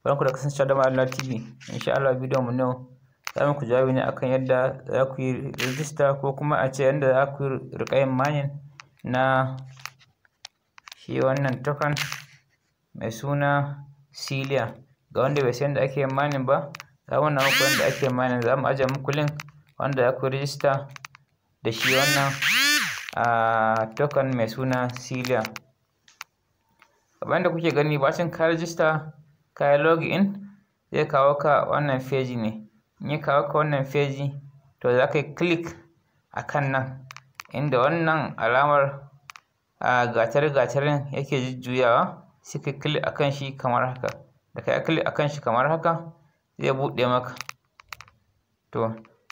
ku da kasancewa da Allah TV sha Allah bidiyon mu na za mu ku jawabi ne akan yadda za ku yi rijista ko kuma a ce yadda za ku yi riƙayen mining na shi wannan token mai suna Celia. ga wanda bai san yadda ake yin mining ba za mu nuna muku yadda ake mining za mu ajiye muku link wanda za ku rijista da shi wannan ah, token mai suna Celia. wanda kuke gani bacin ka rajista ka yi login zai kawo ka wannan feji ne in ya kawo ka wannan feji to za ka yi click a kan nan inda wannan alamar a gatar-gatarin yake jujjuyawa sai ka click a kan shi kamar haka da ka yi click a kan shi kamar haka zai buɗe maka to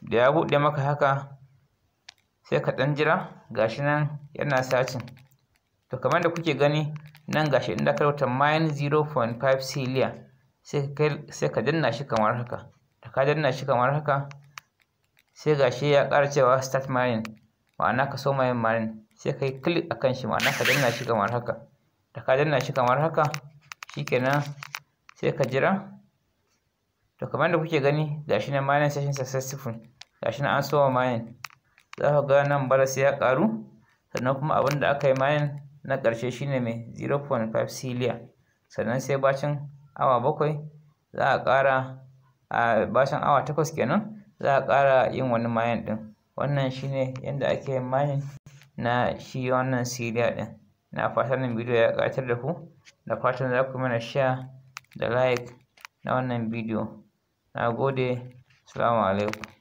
da ya buɗe maka haka sai ka ɗan jira gashi nan yana searching to kamar da kuke gani nan gashi inda ka rubuta min 0.5 cilia sai ka danna shi kamar haka da ka danna shi kamar haka sai gashi ya ƙara cewa start mining ma'ana ka so mayin mining sai ka yi click akan shi ma'ana ka danna shi kamar haka da ka danna shi kamar haka shikenan sai ka jira to kamar da kuke gani gashi na mining session successful gashi na an soma mining za ku ga nan bara sai ya ƙaru sannan kuma abin da aka yi mining na ƙarshe shine mai 0.5 cilia sannan sai bacin awa bakwai za a ƙara a bacin awa takwas kenan za a ƙara yin wani mayan ɗin wannan shine yadda ake yin mayan na shi wannan cilia ɗin na fatan nan bidiyo ya ƙayatar da ku da fatan za ku mana share da like na wannan bidiyo na gode salamu alaikum